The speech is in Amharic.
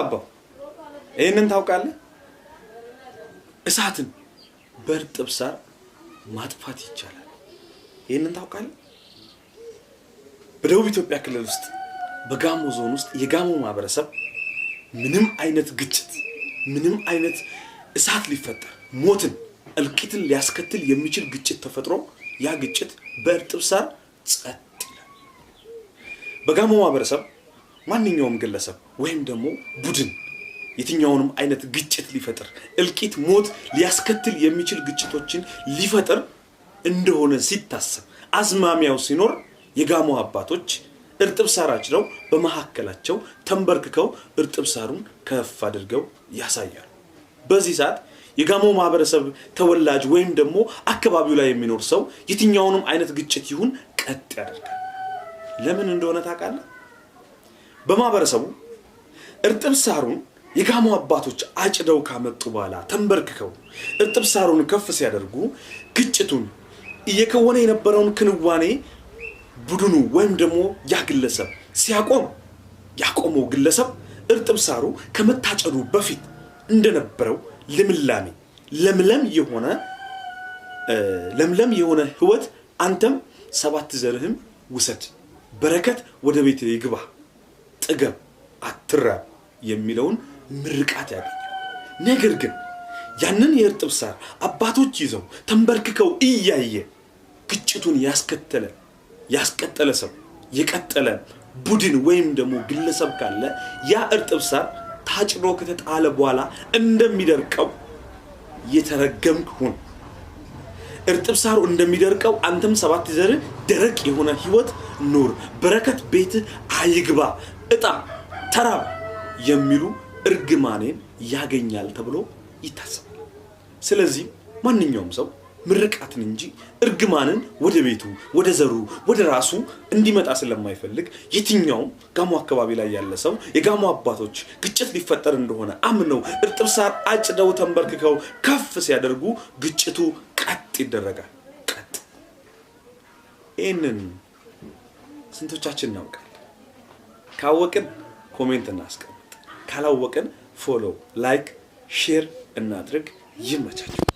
አባው ይህንን ታውቃለህ? እሳትን በእርጥብ ሳር ማጥፋት ይቻላል። ይህንን ታውቃለህ? በደቡብ ኢትዮጵያ ክልል ውስጥ በጋሞ ዞን ውስጥ የጋሞ ማህበረሰብ ምንም አይነት ግጭት፣ ምንም አይነት እሳት ሊፈጠር ሞትን፣ እልቂትን ሊያስከትል የሚችል ግጭት ተፈጥሮ ያ ግጭት በእርጥብ ሳር ጸጥ ይላል። በጋሞ ማህበረሰብ ማንኛውም ግለሰብ ወይም ደግሞ ቡድን የትኛውንም አይነት ግጭት ሊፈጥር እልቂት፣ ሞት ሊያስከትል የሚችል ግጭቶችን ሊፈጥር እንደሆነ ሲታሰብ አዝማሚያው ሲኖር የጋሞ አባቶች እርጥብ ሳር አጭደው በመካከላቸው ተንበርክከው እርጥብ ሳሩን ከፍ አድርገው ያሳያሉ። በዚህ ሰዓት የጋሞ ማህበረሰብ ተወላጅ ወይም ደግሞ አካባቢው ላይ የሚኖር ሰው የትኛውንም አይነት ግጭት ይሁን ቀጥ ያደርጋል። ለምን እንደሆነ ታውቃለህ? በማህበረሰቡ እርጥብ ሳሩን የጋሞ አባቶች አጭደው ካመጡ በኋላ ተንበርክከው እርጥብ ሳሩን ከፍ ሲያደርጉ ግጭቱን እየከወነ የነበረውን ክንዋኔ ቡድኑ ወይም ደግሞ ያ ግለሰብ ሲያቆም ያቆመው ግለሰብ እርጥብ ሳሩ ከመታጨዱ በፊት እንደነበረው ልምላሜ ለምለም የሆነ ለምለም የሆነ ህይወት አንተም ሰባት ዘርህም ውሰድ፣ በረከት ወደ ቤት ይግባ። ጥገብ፣ አትራብ የሚለውን ምርቃት ያገኛል። ነገር ግን ያንን የእርጥብ ሳር አባቶች ይዘው ተንበርክከው እያየ ግጭቱን ያስከተለ ያስቀጠለ ሰው የቀጠለ ቡድን ወይም ደግሞ ግለሰብ ካለ ያ እርጥብ ሳር ታጭዶ ከተጣለ በኋላ እንደሚደርቀው የተረገምክ ሁን። እርጥብ ሳሩ እንደሚደርቀው አንተም ሰባት ዘር ደረቅ የሆነ ህይወት ኑር። በረከት ቤት አይግባ። እጣ፣ ተራብ የሚሉ እርግማኔን ያገኛል ተብሎ ይታሰባል። ስለዚህ ማንኛውም ሰው ምርቃትን እንጂ እርግማንን ወደ ቤቱ፣ ወደ ዘሩ፣ ወደ ራሱ እንዲመጣ ስለማይፈልግ የትኛውም ጋሞ አካባቢ ላይ ያለ ሰው የጋሞ አባቶች ግጭት ሊፈጠር እንደሆነ አምነው እርጥብ ሳር አጭደው ተንበርክከው ከፍ ሲያደርጉ ግጭቱ ቀጥ ይደረጋል። ቀጥ። ይህንን ስንቶቻችን እናውቃል? ካወቅን ኮሜንት እናስቀምጥ፣ ካላወቅን ፎሎ፣ ላይክ፣ ሼር እናድርግ። ይመቻቸው።